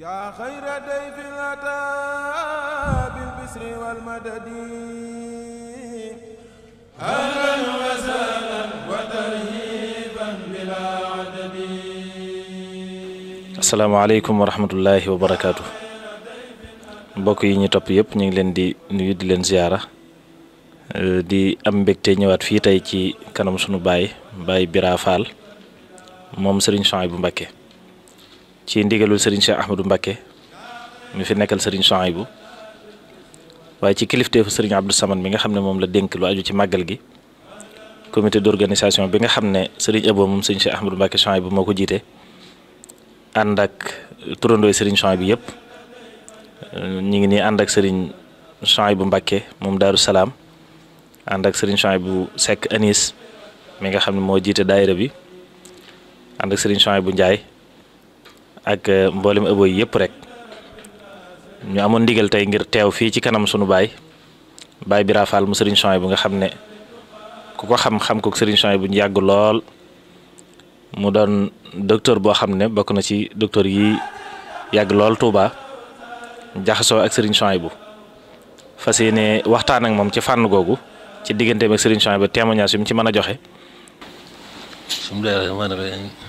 yaa xayra dayfin ataa bil bisri wal madadi ahlan wa sahlan wa tarhiban bilaa adadi asalaamaaleykum wa rahmatullahi wa barakaatu mbokk yi ñu topp yëpp ñu ngi leen di nuyu di leen ziyaara eh, di am mbégte ñëwaat fii tey ci kanam sunu baay baay Bira Fall moom Serigne Souhaïbou Mbacké ci ndigalul sëriñ Cheikh Ahmadou Mbacké mi fi nekkal sëriñ bu waaye ci kilifteefu sëriñ Abdou Samad mi nga xam ne moom la dénk lu ci màggal gi comité d'organisation bi nga xam ne sëriñ Abo moom sëriñ Cheikh Ahmadou Mbacké bu moo ko jiite ànd ak turandooy sëriñ Souhaïbou yëpp ñu ngi nii ànd ak sëriñ bu Mbacké moom Daaru Salaam ànd ak sëriñ bu sekk Anis mi nga xam ne moo jiite daayira bi ànd ak sëriñ bu Ndiaye ak eh, mbolim ëbooy yëpp rek ñu amon ndigal tay ngir tew fi ci kanam suñu bay bay bi rafal mu Serigne Souhaïbou bu nga xamne ne ku ko xam xam ko Serigne Souhaïbou bu ñu yàgg lool mu don docteur bo xamne ne na ci docteur yi yag lool Touba jaxaso ak Serigne Souhaïbou bu fasiyene waxtaan ak mom ci fànn gogou ci digganteem ak Serigne Souhaïbou bu témoignage mëna mu sum leer man rek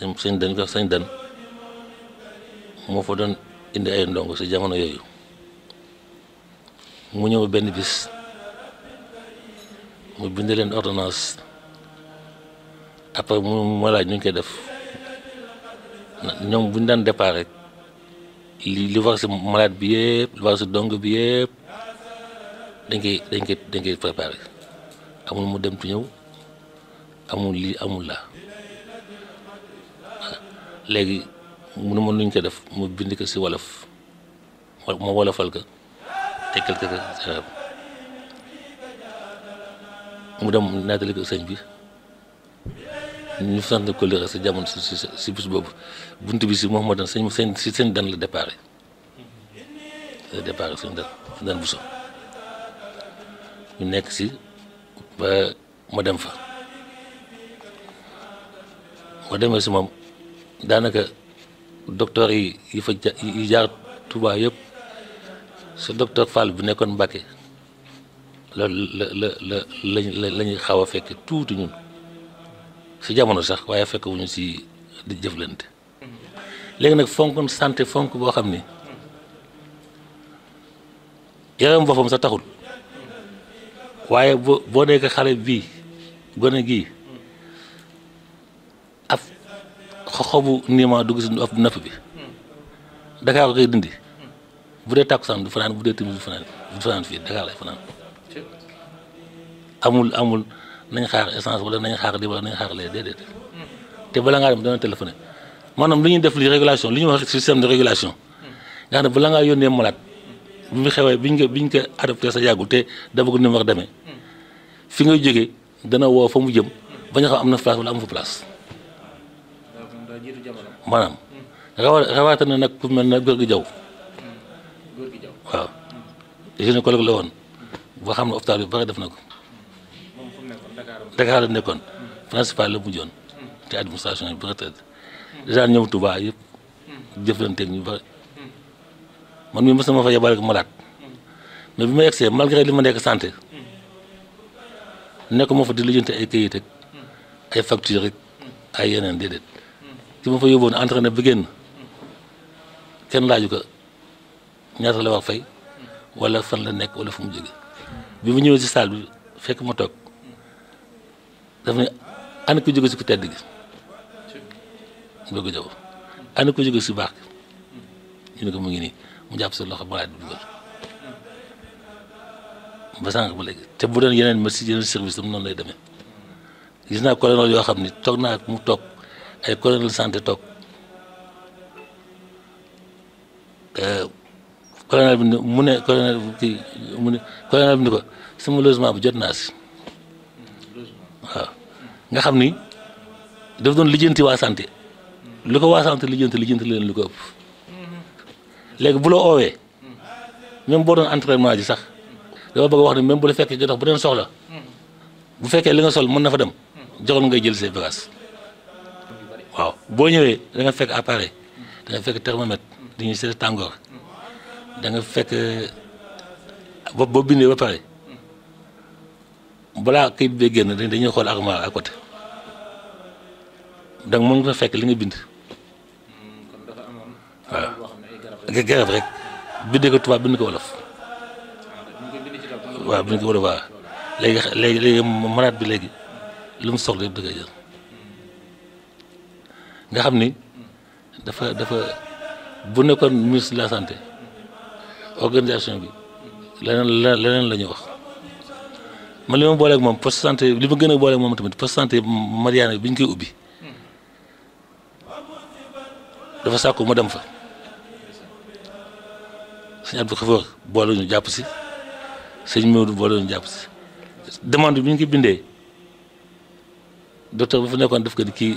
sëñ den ko sëñ den moo fa doon indi ay ndongo si jamono yooyu mu ñëw benn bis mu bind leen ordonnance après mu ma ñu ngi koy def ñoom bu ñu daan départ rek li li war si malade bi yëpp li war si dong bi yëpp dañ koy dañ koy dañ koy préparé amul mu dem tu ñëw amul lii amul laa léegi munu mën luñ ko def mu bind ko si wolof mu wolofal ko tekkal ko arab mu dem naatali sëñ bi ñu sant ko lëre sa jamono si si boobu bunt bi si Mouhamadou sëñ sëñ si sëñ dan la dépare la départ sëñ dan dan bu so ñu nekk si ba ma dem fa ma demee si moom daanaka docteur yi yi fa yi jaar Touba yëpp su docteur Fall bi nekkoon Mbacke la la la la la ñuy xaw a fekk tuuti ñun si jamono sax waaye fekk wuñu si di jëflante léegi nag fonk santé fonk boo xam ni yaram boppam sa taxul waaye boo boo dee xale bii gone gii. xobu niimaa du gis du ab napp bi Dakar koy dindi bu dee tàkkusaan du fanaan bu dee timis du fanaan du fanaan fii Dakar lay fanaan amul amul nañ xaar essence wala nañ xaar lii wala nañ xaar lee déedéet te bala ngaa dem dana téléphoné maanaam lu ñuy def li régulation li ñuy système de régulation nga xam ne ngaa yónnee malade bi mu xewee biñ ko biñ ko adopté sa yàggul te dafa ko ni mu wax demee fi ngay jógee dana woo fa mu jëm bañ a xam am na place wala amu fa maanaam rawatina nag ku mel ne góor gi jaw waaw gynécologue la woon boo xam ne hôpital bi bari def na ko Dakar la nekkoon hmm. principal la mujjoon ci hmm. administration bi ba retraite dèjà ñëw Touba yëpp hmm. jëflanteeg ñu bari man mii mos na ma fa yebale ko malade mais bi ma egsee malgré li ma nekk santé nekk ma fa di lijjanti ay kayit ak ay facture ay yeneen déedéet ki ma fa yóbboon entraîné bi génn kenn laaju ko ñaata la wax fay wala fan la nekk wala fu mu jóge bi mu ñëwee si salle bi fekk ma toog daf ne ana ko jóge si ku tedd gi bëgg jaw ana ko jóge baax gi ñu ko mu ngi nii mu jàpp si loxo malaat bu dugal ba sànq ba te bu doon yeneen si yeneen service am noonu lay demee gis naa colonel yoo xam ni toog naa mu toog ay colonel santé toog colonel bi mu ne colonel kii mu colonel bi ni ko sama logement bu jot naa si waaw nga xam ni daf doon lijjanti waa santé lu ko waa santé lijjanti lijjanti leen lu ko ëpp léegi bu la oowee même boo doon entraînement ji sax dama bëgg wax ni même bu la fekkee nga dox bu doon soxla bu fekkee li nga sol mën na fa dem joxal ngay jël ses bagages. waaw boo ñëwee da nga fekk appareil da nga fekk thermomètre di ñu seet tàngoor da nga fekk bo boo bindee ba pare balaa kayit bi génn dañ dañuy xool armoire à côté donc mën nga fa fekk li nga bind. waaw garab rek bindee ko tubaab bind ko wolof. waaw bind ko wolof waaw léegi léegi léegi mënaat bi léegi lu mu soxla yëpp da koy jël. nga xam ni dafa dafa bu nekkoon ministre la sante organisation bi leneen la leneen la ñu wax ma booleeg moom poste santé li ma gën a booleeg moom tamit poste santé Mariana bi ñu koy ubbi dafa sàkku ma dem fa sëñ Abdou Khafour boole ñu jàpp si sëñ Maodo boole ñu jàpp si demande bi ñu ko bindee docteur bu fa nekkoon def kii.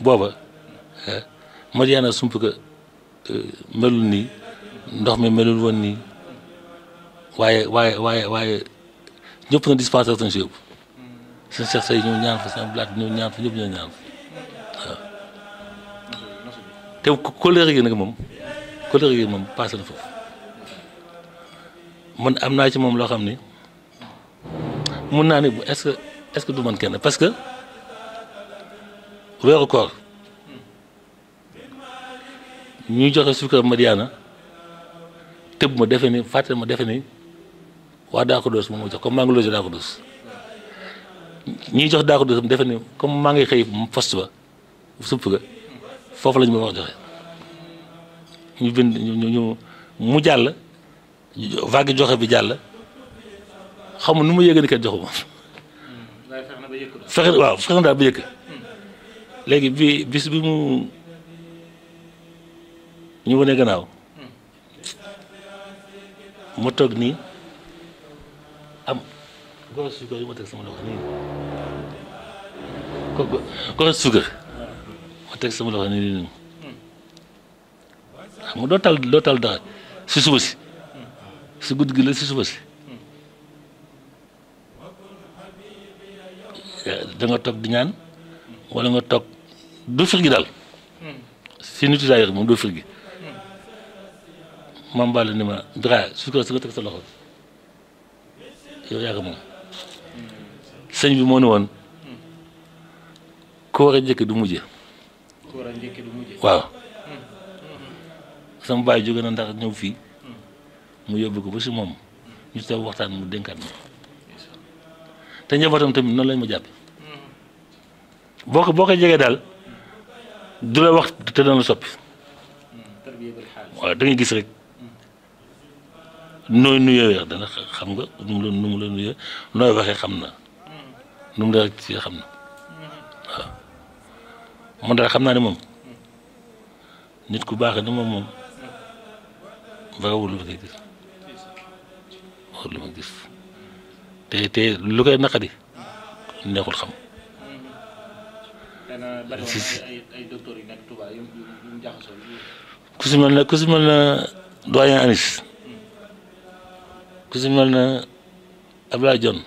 booba eh, Madiana Sumpka eh, melul nii ndox mi melul woon nii waaye waaye waaye waaye ñëpp na dispensaire suñu si yëpp suñu seex say ñëw ñaan fa seen blaat ñëw ñaan fa ñëpp ñëw ñaan fa te colère gi nag moom colère gi moom passé na foofu man am naa ci moom loo xam ni mun naa ni est-ce que du man kenn parce que weeru koor ñuy joxe suukar Madiana tëb ma defe ni fàtte ma defe ni waa daako doos moom moo jox comme maa ngi logé Darou Khoudoss ñiy jox Darou Khoudoss defe ni comme maa ngi xëy poste ba supp ga foofu lañ ma wax joxe ñu bind ñu mu jàll vague joxe bi jàll xamul nu mu hmm, yëg ni jox joxuma fexe waaw daal ba yëkk legi bi bis bi mu ñu wone gannaaw mu tok ni am gos sugar yu ma teg sama loxo ko gos sugar ma tek sama loxo ni nii xam nga tal do tal da si suba si si gud gi la si suba ci eh, da nga tok di ñaan wala nga toog du firgi daal hmm. si nitu daayira moom doo firgi maam Balla ni ma dra su ko su ko teg sa loxo yow yaa ko moom hmm. sëñ bi moo ne woon ku war a njëkk du mujje waaw hmm. sama baay jóge na ndax ñëw fii mu yóbbu ko ba si moom ñu toog waxtaan mu dénkaat ma te njabootam tamit noonu lañ ma jàppe boo ko boo koy jegee daal du la wax te dana soppi waaw da gis rek nooy nuyoo dana xam nga nu mu la nu mu la nuyoo nooy waxee xam na nu mu la ci xam na waaw xam naa ne moom nit ku baax ni moom moom baaxul lu ma koy gis waxul lu ma gis te te lu koy naqari neexul xam. dana bari woon ay ay docteurs yu nekk Touba yu yu jaxasoo ku si mel ne ku si mel ne doyen Anis ku si mel ne Abdoulaye Dione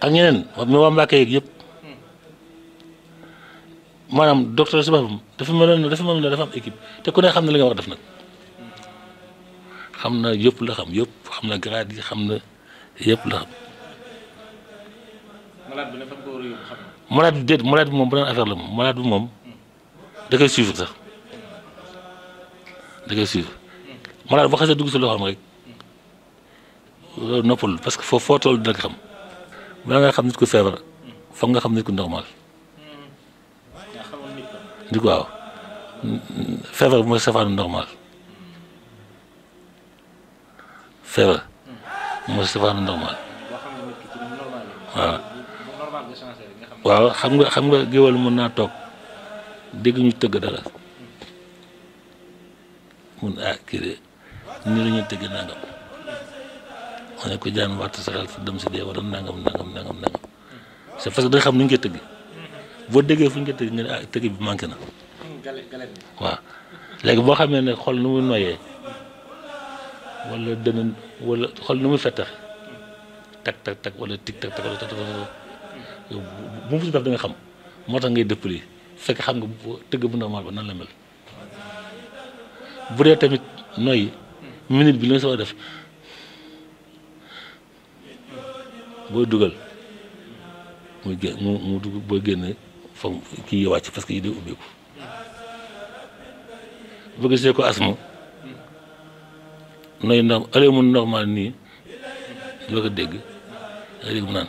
ak ñeneen mais waa Mbacke yeeg yëpp maanaam docteur si boppam dafa mel ne dafa mel la dafa am équipe te ku ne xam na li nga wax def nag xam na yëpp la xam yëpp xam na grade yi xam na yëpp la xam. malade bi ne pas ko malade bi malade affaire la malade bi da suivre sax da suivre malade vous xasse dugg si rek parce que faut foo toll dina Malade, xam nga xam nit ko fever fo nga xam nit ko normal. nit quoi fever normal feebar hmm. normal waaw xam nga xam nga géwal mën naa toog dégg ñu tëgg dara mun aa ah, kii de nii la ñuy tëgg nangam ma ne ko jaan waxtu saxal sa dem si dee wala a nangam nangam nangam c'est parce que da nga xam nu ñu tëgg boo déggee fu ñu koy tëgg nga ne ah tëgg bi manqué na waa léegi boo xam ne xol nu muy noyee wala dënn xol nu mu fettax tak tak tak wala tik tak tak wala tak tak bu mu si def da nga xam moo tax ngay dëppali fekk xam nga tëgg bu normal ba nan la mel bu dee tamit noyyi minute bi li nga si def booy dugal muy gé mu mu dugg booy génne wàcc parce que yi day ubbeeku bëgg see ko asma noyyi normal allé mu normal nii doo ko dégg doo dégg mu naan.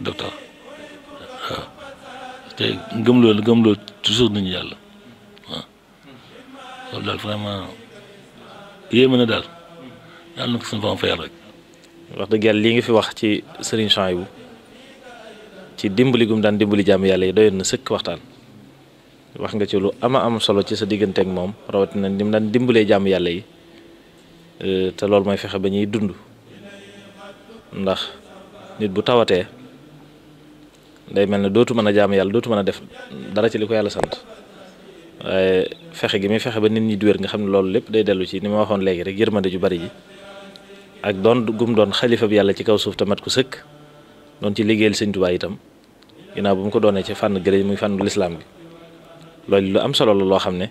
docteur waaw te gëm loolu gëm loolu toujours nit ñi yàlla waaw ah. loolu daal vraiment yéeme na daal yàlla na ko suñu fan fayal rek. wax dëgg yàlla lii nga fi wax ci Serigne Chouaïbou ci dimbali gum daan dimbali jàmm yàlla yi doyoon na sëkk wax nga ci lu ama am solo ci sa diggante ak moom rawatina ni mu daan dimbalee jàmm yàlla yi eh, te loolu mooy fexe ba ñuy dund ndax nit bu tawatee. day mel ne dootu mën a jaamu yàlla dootu mën a def dara ci li ko yàlla sant waaye fexe gi muy fexe ba nit ñi di wér nga xam ne loolu lépp day dellu ci ni ma waxoon léegi rek yërmande ju bari ji ak doon gum doon xalifa bi yàlla ci kaw suuf te mat ko sëkk doon ci liggéeyal sëñ Tuubaa itam ginaaw bu mu ko doonee ci fànn gërëj muy fànn lislaam bi loolu lu am solo la loo xam ne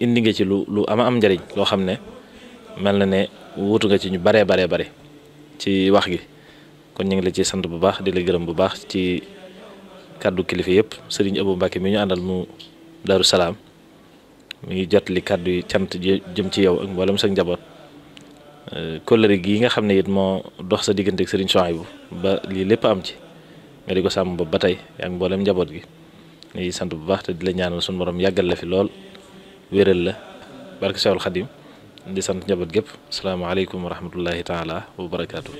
indi nga ci lu lu ama am njëriñ loo xam ne mel na ne wuutu nga ci ñu baree baree bare ci wax gi kon ñu ngi la ci sant bu baax di la gërëm bu baax ci kaddu kilifa yépp serigne Abou Mbacke mi ñu andal mu daru salam mi ngi jotli kaddu yi cant jëm ci yow ak mboolem sa njaboot euh, kóllëre gi nga xam ne it moo dox sa digënté ak serigne Souhaïbou ba li lepp am ci nga diko ko ba batay ak mbolam njabot gi ñu sant bu baax te di la ñaanal suñu borom yagal la fi lool wéral la barke khadim di sant njaboot gépp salaamaaleykum wa rahmatullahi taala wa barakaatu.